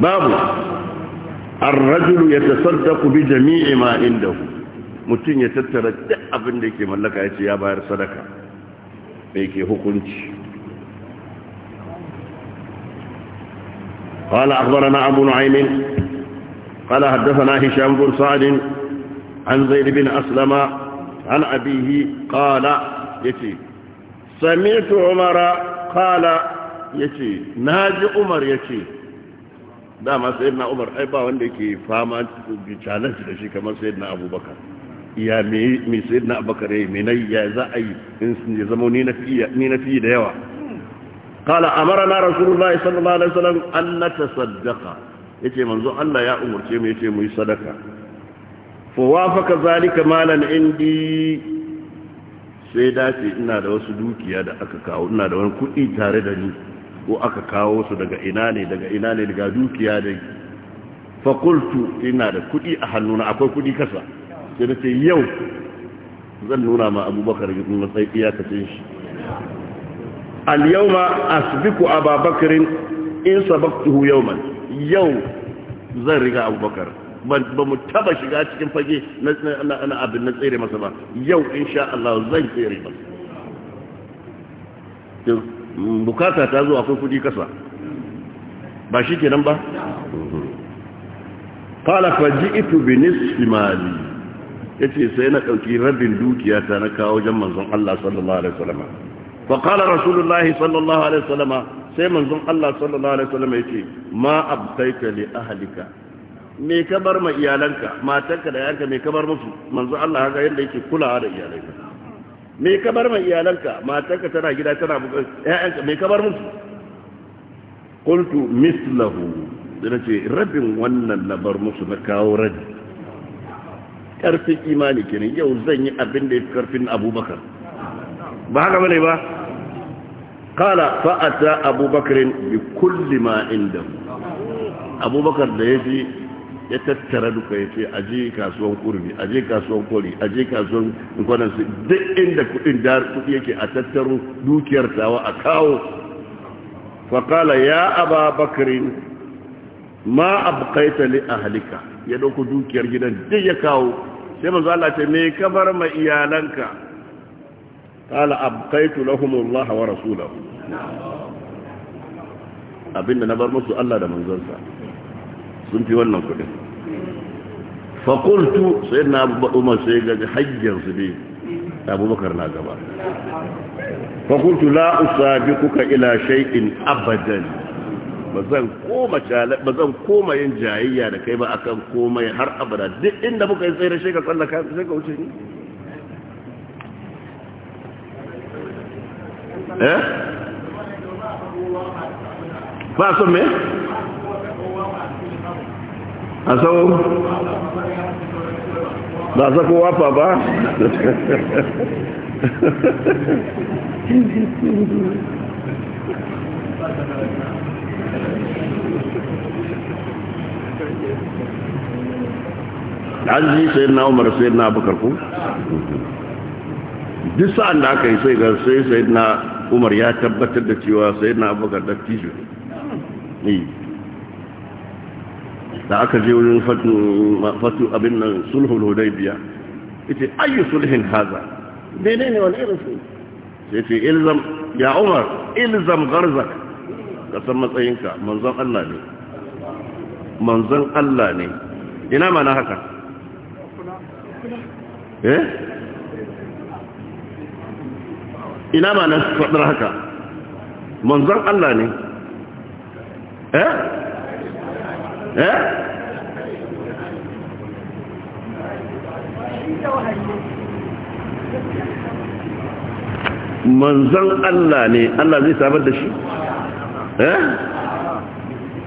babu ar-rajulu yatasaddaqu bi jami'i ma indahu mutum ya tattara duk abin da ke mallaka ya ce ya bayar sadaka da ke hukunci قال أخبرنا أبو نعيم قال حدثنا هشام بن سعد عن زيد بن أسلم عن أبيه قال يتي سمعت عمر قال يتي ناجي عمر يتي dama sayyidina umar ai ba wanda yake fama da da shi kamar sayyidina abubakar ya me me sayyidina abubakar yayi me nayi ya za a yi in sun zama ni na fi da yawa Ka al'amura na rasuɗu za a isan lalace nan? Annata Sadaka. Ya ce yanzu Allah ya umarce mu ya ce mu yi sadaka. Ku wafa kazalika malam indi. Sai dace ina da da aka kawo ina da wani kuɗi tare da ni ko aka kawo su daga ina ne daga ina ne daga dukiya da yi. Fakoltu yana da kuɗi a hannuna, akwai kuɗi kasa Sai nace yau zan nuna ma Abubakar na tsaye iyakacin shi. اليوم أسبق أبا بكر إن سبقته يوما يوم زرق أبو بكر ba mu taba shiga cikin fage na abin na tsere masa ba yau insha Allah zan tsere ba. bukata ta zo akwai kudi kasa ba shi kenan ba qala faji'tu bi nisfi mali yace sai na dauki rabin dukiya ta na kawo jan manzon Allah sallallahu alaihi wasallam فقال رسول الله صلى الله عليه وسلم sai manzon Allah sallallahu alaihi wasallam yace ma abtaita li ahlika me ka bar ma iyalanka matanka da yanka me ka bar musu manzon Allah haka yanda yake kulawa da iyalanka me ka bar ma iyalanka matanka tana gida tana ƴaƴanka me ka bar musu qultu mislahu ce rabin wannan na bar musu na kawo rabi karfin imani kenan yau zan yi abinda da karfin abubakar ba haka bane ba kala fa'ata abubakarin bi kulli ma inda abubakar da ya fi ya tattara duka ya ce aji kasuwan kurbi aji kasuwan kori aji kasuwan su duk inda kudin dar kudi yake a tattaro dukiyar tawa a kawo faƙala ya ababakarin ma ne li halika ya ɗauku dukiyar gidan duk ya kawo sai manzo ce me ka bar ma iyalanka قال أبقيت لهم wa ورسوله abinda na bar musu Allah da manzonsa sun fi wannan kudin fakultu sai na umar sai ga hajjar su ne abubakar na gaba fakultu la usabi kuka ila shay'in abadan bazan koma bazan koma yin jayayya da kai ba akan komai har abada duk inda muka yi tsayar sai ka tsallaka sai ka wuce ni eh ba son me a ba za ko wapa ba an ji sai na umar sai na abokar ku duk sa'an da aka yi sai ga sai sai na umar ya tabbatar da cewa sai na abubakar dattijo ne eh. da aka je wurin fatu abin nan sulhul biya. ita ayyu sulhin haza daidai ne wani irin su sai ce ilzam ya umar ilzam garzak ka san matsayinka manzon Allah ne manzon Allah ne ina mana haka eh ina ma na faɗar haka manzon Allah ne eh eh manzon Allah ne Allah zai sabar da shi eh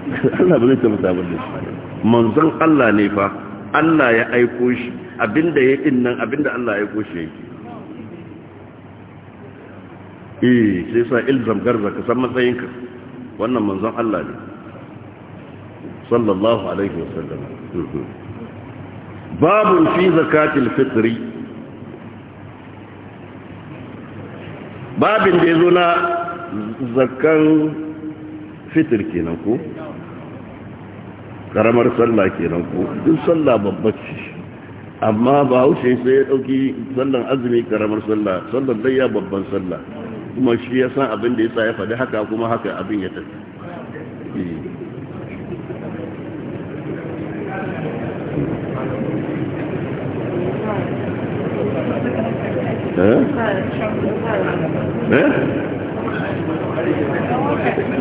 [laughs] Allah ba zai sabar da shi manzon Allah ne fa Allah ya aiko shi abinda ya yi nan abinda Allah ya aiko shi yake eh sai sa ilzam garza ka san matsayinka wannan manzon Allah ne sallallahu alaihi wasallam babu fi zakatil fitri babin da yazo na zakan fitr kenan ko karamar sallah kenan ko duk sallah babba ce amma ba haushe sai ya dauki sallan azumi karamar sallah sallan dai ya babban sallah kuma shi ya san abin da ya sa ya faɗi haka kuma haka abin ya tafi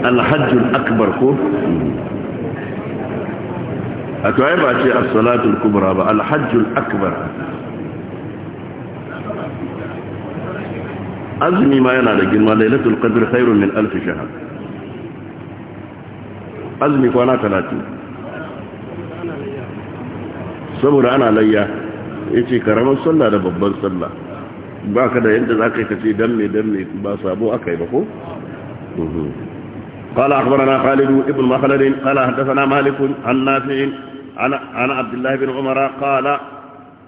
alhajjul akbar ko a tuwaye ba ce as-salatul kubra ba alhajjul akbar azumi ma yana da girma lailatul qadr khairun min alf shahr azumi kwana 30 saboda ana layya yace karamar sallah da babban sallah ba ka da yadda za ka yi kace dan me dan me ba sabo aka yi ba ko mhm. قال أخبرنا خالد ابن مخلد قال حدثنا مالك عن نافع عن عبد الله بن عمر قال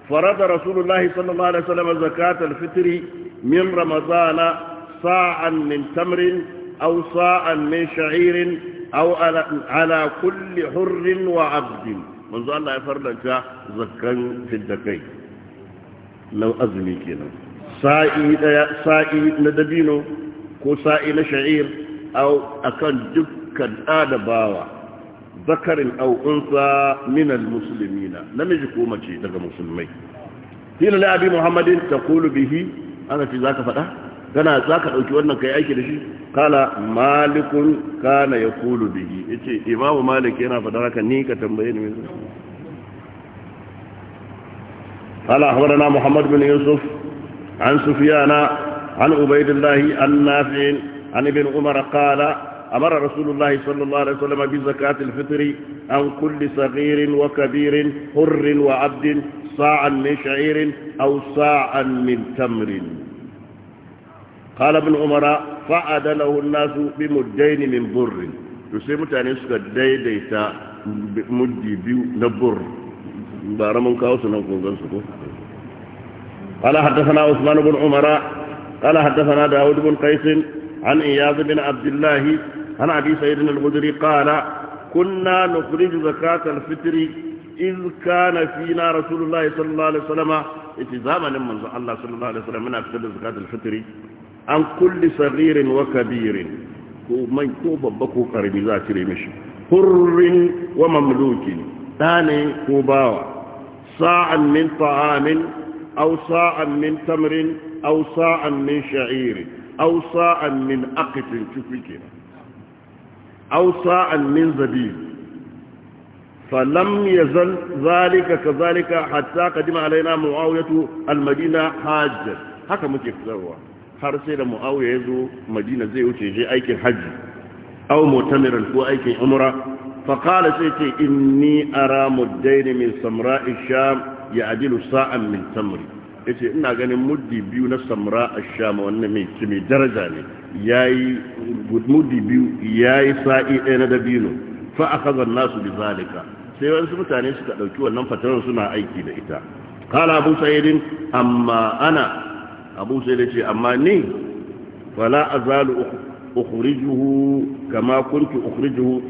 فرض رسول الله صلى الله عليه وسلم زكاة الفطر من رمضان صاعا من تمر أو صاعا من شعير أو على, كل حر وعبد منذ الله يفرلك زكا في الدكي لو أزمي كنا إيه- سائي, ندبينو كو سائي نشعير أو أكن دكا باوا ذكر أو أنثى من المسلمين لم يجكو مجي دك مسلمين قيل لأبي محمد تقول به aka ce za ka faɗa kana za ka ɗauki wannan kai aiki da shi kala malikun kana ya kulu bihi ya ce imamu malik yana faɗa haka ni ka tambaye ni mai قال أخبرنا محمد بن يوسف عن سفيان عن عبيد الله عن نافع عن ابن عمر قال أمر رسول الله صلى الله عليه وسلم بزكاة الفطر عن كل صغير وكبير حر وعبد صاعا من شعير أو صاعا من تمر قال ابن عمر فعد له الناس بمدين من بر يسمى تانيسك ديديتا مدي بيو نبر بارا من كاوس نقول قال حدثنا عثمان بن عمر قال حدثنا داود بن قيس عن إياض بن عبد الله عن أبي سيدنا الغدري قال كنا نخرج زكاة الفطر iz kana fina rasulullahi sallallahu alaihi wasallama yace zamanin manzo Allah sallallahu alaihi wasallam muna fitar da zakatul fitri an kulli saririn wa kabirin ko mai ko babba ko karbi za a cire mishi hurrin wa mamlukin dane ko bawa sa'an min ta'amin aw sa'an min tamrin aw sa'an min sha'irin aw sa'an min aqtin tufikira min فلم يزل ذلك كذلك حتى قدم علينا معاوية المدينة حاجة haka muke fitarwa har sai da mu'awiya ya madina zai wuce je aikin hajji aw mutamiran ko aikin umra fa qala sai ce inni ara muddaini min samra'i sham ya'dilu sa'an min tamri ina ganin muddi biyu na samra ash-sham wannan mai kimi daraja ne yayi muddi biyu yayi sa'i ɗaya na dabino fa akhadha an-nasu bi zalika sai wasu mutane suka ɗauki wannan fatarar suna aiki da ita kala abu Sayyidin amma ana abu sa'idin ce amma ni wala azalu ukhrijuhu kama kuntu ukhrijuhu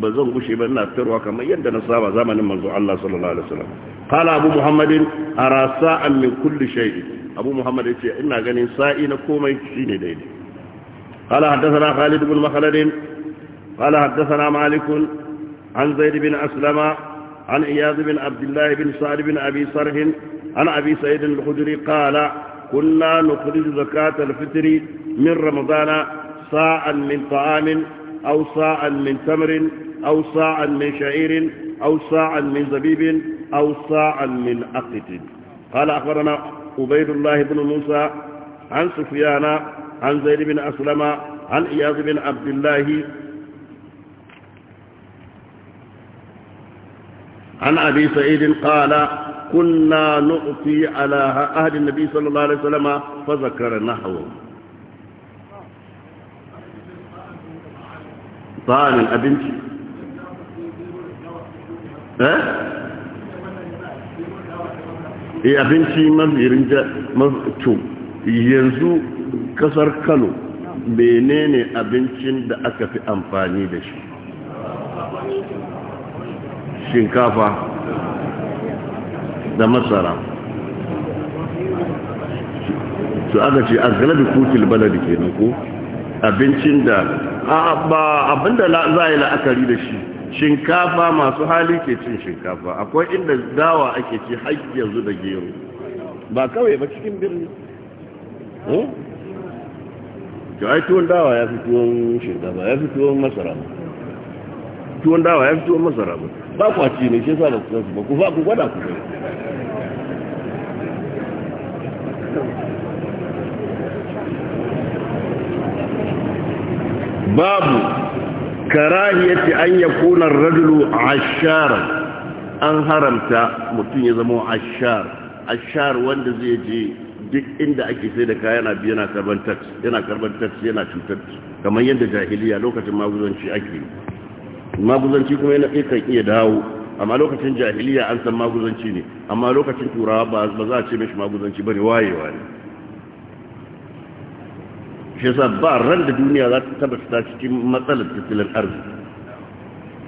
bazan zan gushe ba ina fitarwa kamar yadda na saba zamanin manzo Allah sallallahu alaihi wasallam kala abu muhammadin ara sa'an min kulli shay'i abu muhammad yace ina ganin sa'i na komai shine daidai kala hadathana khalid ibn makhlad kala hadathana malikun عن زيد بن أسلم عن إياض بن عبد الله بن سعد بن أبي صرح عن أبي سعيد الخدري قال كنا نخرج زكاة الفطر من رمضان ساعا من طعام أو ساعا من تمر أو ساعا من شعير أو ساعا من زبيب أو ساعا من أقت قال أخبرنا عبيد الله بن موسى عن سفيان عن زيد بن أسلم عن إياض بن عبد الله عن أبي سعيد قال كنا نؤتي على عهد النبي صلى الله عليه وسلم فذكر نحوه طعام الأبنش ها؟ eh abinci mafi rinja mafi yanzu kasar kano menene abincin da aka fi amfani da shi shinkafa da masara su aka ce a galabi kutil baladi nan, ko abincin da ba abinda za yi la'akari da shi shinkafa masu hali ke cin shinkafa akwai inda dawa ake ci har yanzu da gero ba kawai ba cikin birni to ai tuwon dawa ya fi tuwon shinkafa ya fi tuwon masara tuwon dawa ya fi tuwon masara ba ba ku ci ne shi yasa ba ku ba ku ba ku gwada ku babu karahiyati an yakuna ar-rajulu 'ashara an haramta mutum ya zama ashar ashar wanda zai je duk inda ake sai da kaya yana biya yana karban tax yana karban tax yana cutar kamar yadda jahiliya lokacin maguzanci ake yi maguzanci kuma yana kai kan iya dawo amma lokacin jahiliya an san maguzanci ne amma lokacin turawa ba za a ce mishi maguzanci bane wayewa ne shi yasa ba ran da duniya za ta tabbata cikin matsalar tattalin arziki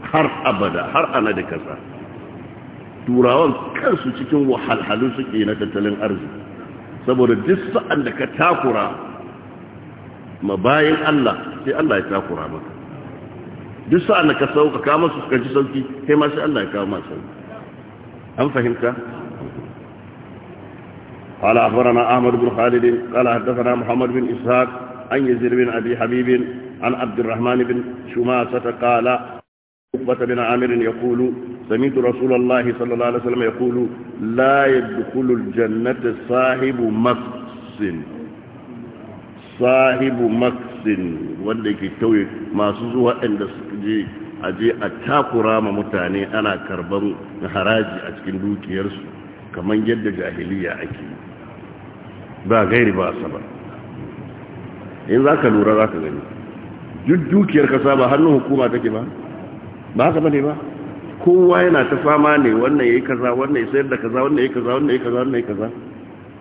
har abada har ana da kasa turawan kansu cikin wahalhalu suke na tattalin arziki saboda duk sa'an da ka takura ma bayan Allah sai Allah ya takura maka duk sa'an ka sauka ka masu suka ji sauki kai ma sai Allah ya kawo masu an fahimta قال أخبرنا أحمد بن خالد قال حدثنا محمد بن إسحاق عن يزيد بن أبي حبيب عن عبد الرحمن بن شماسة قال عقبة بن عامر يقول سمعت رسول الله صلى الله عليه وسلم يقول لا يدخل الجنة صاحب مكس صاحب مكس din wanda yake tauye masu zuwa inda suka je a je a takura ma mutane ana karban haraji a cikin dukiyarsu kamar yadda jahiliya ake ba gairi ba saba in za ka lura za ka gani duk dukiyar kasa ba hannun hukuma take ba ba haka bane ba kowa yana ta fama ne wannan yayi kaza wannan ya sayar da kaza wannan yayi kaza wannan yayi kaza wannan yayi kaza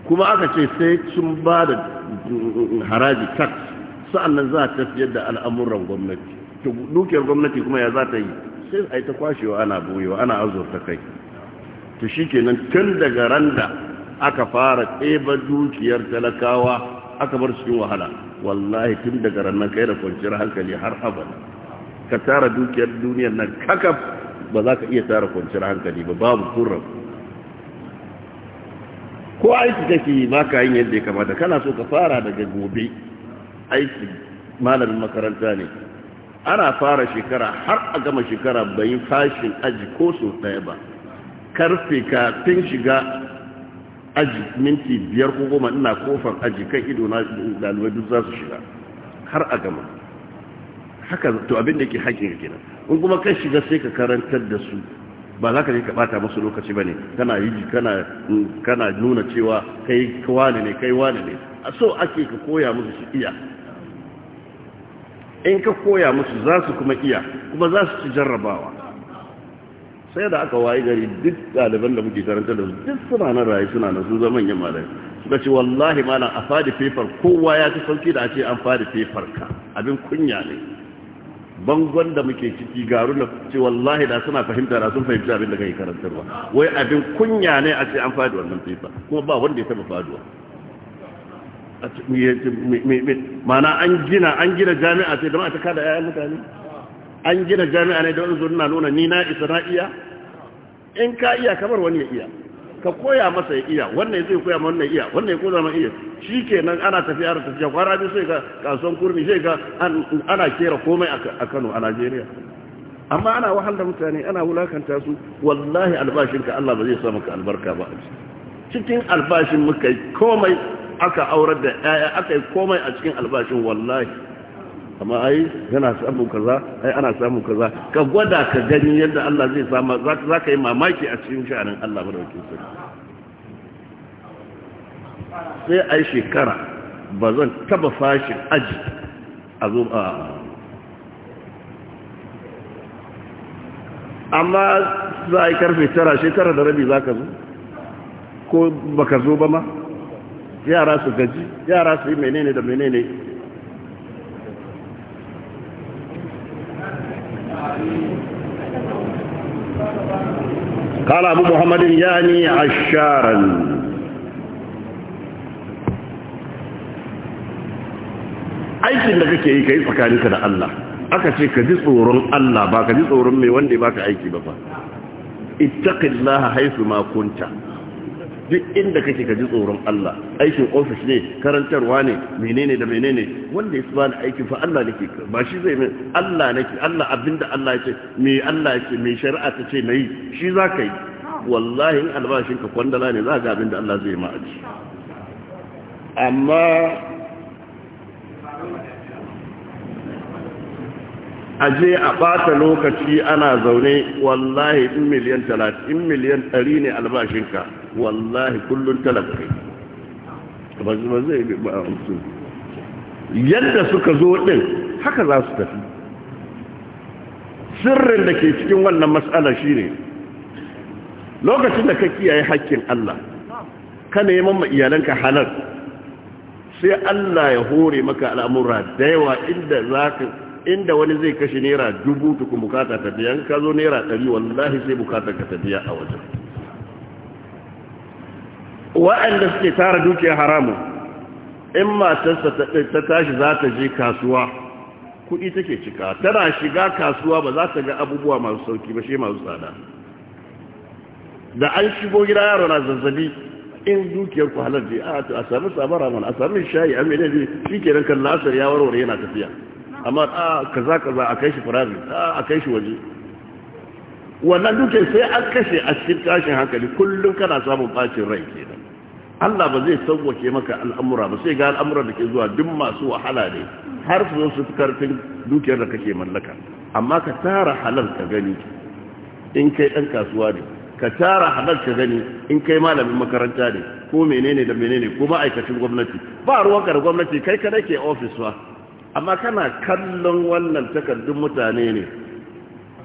kuma aka ce sai sun ba da mm, mm, mm, haraji tax sa'annan za a tafiyar da al'amuran gwamnati dukiyar gwamnati kuma ya za ta yi sai a yi ta kwashewa ana boyewa ana azurta kai to shi kenan tun daga randa aka fara tseba dukiyar talakawa aka bar cikin wahala wallahi tun daga rannan kai da kwanciyar hankali har abada ka tara dukiyar duniyar nan kakaf ba za ka iya tara kwanciyar hankali ba babu kurra ko aiki kake ba ka yin yadda ya kamata kana so ka fara daga gobe aiki malamin makaranta ne ana fara shekara har a gama shekara bai fashin aji ko so ɗaya ba karfe kafin shiga aji minti biyar ko goma ina kofar aji kan ido na dalibai duk za su shiga har a gama haka to abin da ke haƙin kenan in kuma kan shiga sai ka karantar da su ba za ka je ka bata musu lokaci ba ne kana yi kana kana nuna cewa kai wani ne kai wani ne a so ake ka koya musu su iya in ka koya musu za su kuma iya kuma za su ci jarrabawa sai da aka wayi gari duk ɗaliban da muke karanta da su duk suna nan rayu suna nan sun zama yin malai suka ce wallahi malam a fadi fefar kowa ya ci sauki da a ce an fadi fefar ka abin kunya ne bangon da muke ciki garu na ce wallahi da suna fahimta da sun fahimci abin da kai karantarwa wai abin kunya ne a ce an fadi wannan fefar kuma ba wanda ya taba faduwa mana an gina an gina jami'a sai don a ta kada yayan mutane an gina jami'a ne don zo nuna nuna ni na isa na iya in ka iya kamar wani ya iya ka koya masa ya iya wannan zai koya ma wannan iya wannan ya koya ma iya shi kenan ana tafiya da tafiya kwara bi sai ka kasuwan kurmi sai ka ana kera komai a Kano a Najeriya amma ana wahal da mutane ana wulakanta su wallahi albashinka Allah ba zai sa maka albarka ba cikin albashin muka komai aka aurar da ɗaya aka yi komai a cikin albashin wallahi amma ai yana samun kaza ai ana samun kaza ka gwada ka gani yadda Allah zai sama za ka yi mamaki a cikin sha'anin Allah madaukakin sarki sai ai shekara ba zan taba fashin aji a zo a amma za a yi karfe tara shekara da rabi za ka zo ko baka zo ba ma yara su gaji yara su yi menene da menene قال أبو ni a sharan. aikin da kake yi ka yi tsakaninka da Allah aka ce ka ji tsoron Allah ba ka ji tsoron mai wanda ba ka aiki ba ba ittaqillaha haythu ma kunta duk inda kake ka ji tsoron Allah aikin ofis ne karantarwa ne menene da menene wanda ya bani aikin fa Allah nake ba shi zai min Allah nake Allah abinda Allah yake me Allah yake me shari'a ta ce nayi shi za ka yi wallahi in albashin ka kwandala ne za ga abinda Allah zai ma aji amma aje a bata lokaci ana zaune wallahi in miliyan 30 in miliyan 100 ne albashinka wallahi kullun talakai ba zai ba amsu yadda suka zo din haka za su tafi sirrin da ke cikin wannan matsala shine lokacin da ka kiyaye haƙƙin Allah ka neman ma iyalanka halar sai Allah ya hore maka al'amura da yawa inda inda wani zai kashe naira dubu tukun bukata ta biya ka zo naira ɗari wallahi sai bukata ka ta biya a wajen wa'anda suke tara dukiya haramun in matarsa ta tashi za ta je kasuwa kuɗi take cika tana shiga kasuwa ba za ta ga abubuwa masu sauki ba shi masu tsada da an shigo gida yaro na zazzabi in dukiyar ku halar je ah, a sami sabara mana a sami shayi a ne shi ke nan kalla, asar ya warware yana tafiya amma a ah, kaza kaza a kai shi firami, ah, a kai shi waje wannan dukiyar sai an kashe a cikin tashin hankali kullum kana samun bacin rai kenan Allah ba zai sauwake maka al'amura ba sai ga al'amura da ke zuwa duk masu wahala ne har su zo su fi karfin dukiyar da kake mallaka amma ka tara halal ka gani in kai ɗan kasuwa ne ka tara halal ka gani in kai malamin makaranta ne ko menene da menene ko ma'aikacin gwamnati ba ruwanka da gwamnati kai ka ke ofis ba amma kana kallon wannan takardun mutane ne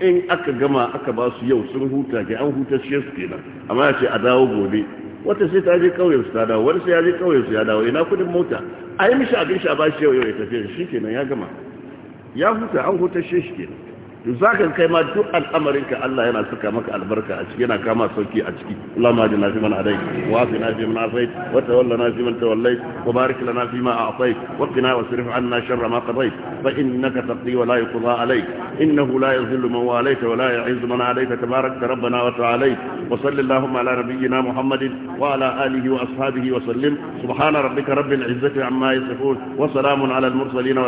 in aka gama aka ba su yau sun huta ke an huta shi su kenan amma ya ce a dawo gobe wata sai ta je kauye su ta dawo wani sai ya je kauye su ya dawo ina kudin mota a yi mishi abin shi a bashi yau yau ya tafiya shi kenan ya gama ya huta an huta shi kenan za ka kai ma duk al'amarinka Allah yana suka maka albarka a ciki yana kama sauki a ciki Allah ma jina fi man adai wa fi na fi wa tawalla na fi tawallai wa barik lana fi ma a'tai wa qina wa sirif anna sharra ma qadait fa innaka taqdi wa la yuqda alayk innahu la man walayta wa la yu'izzu man adayta rabbana wa wa salli allahumma ala nabiyyina muhammadin wa ala alihi wa ashabihi wa sallim subhana rabbika rabbil izzati amma yasifun wa salamun ala al mursalin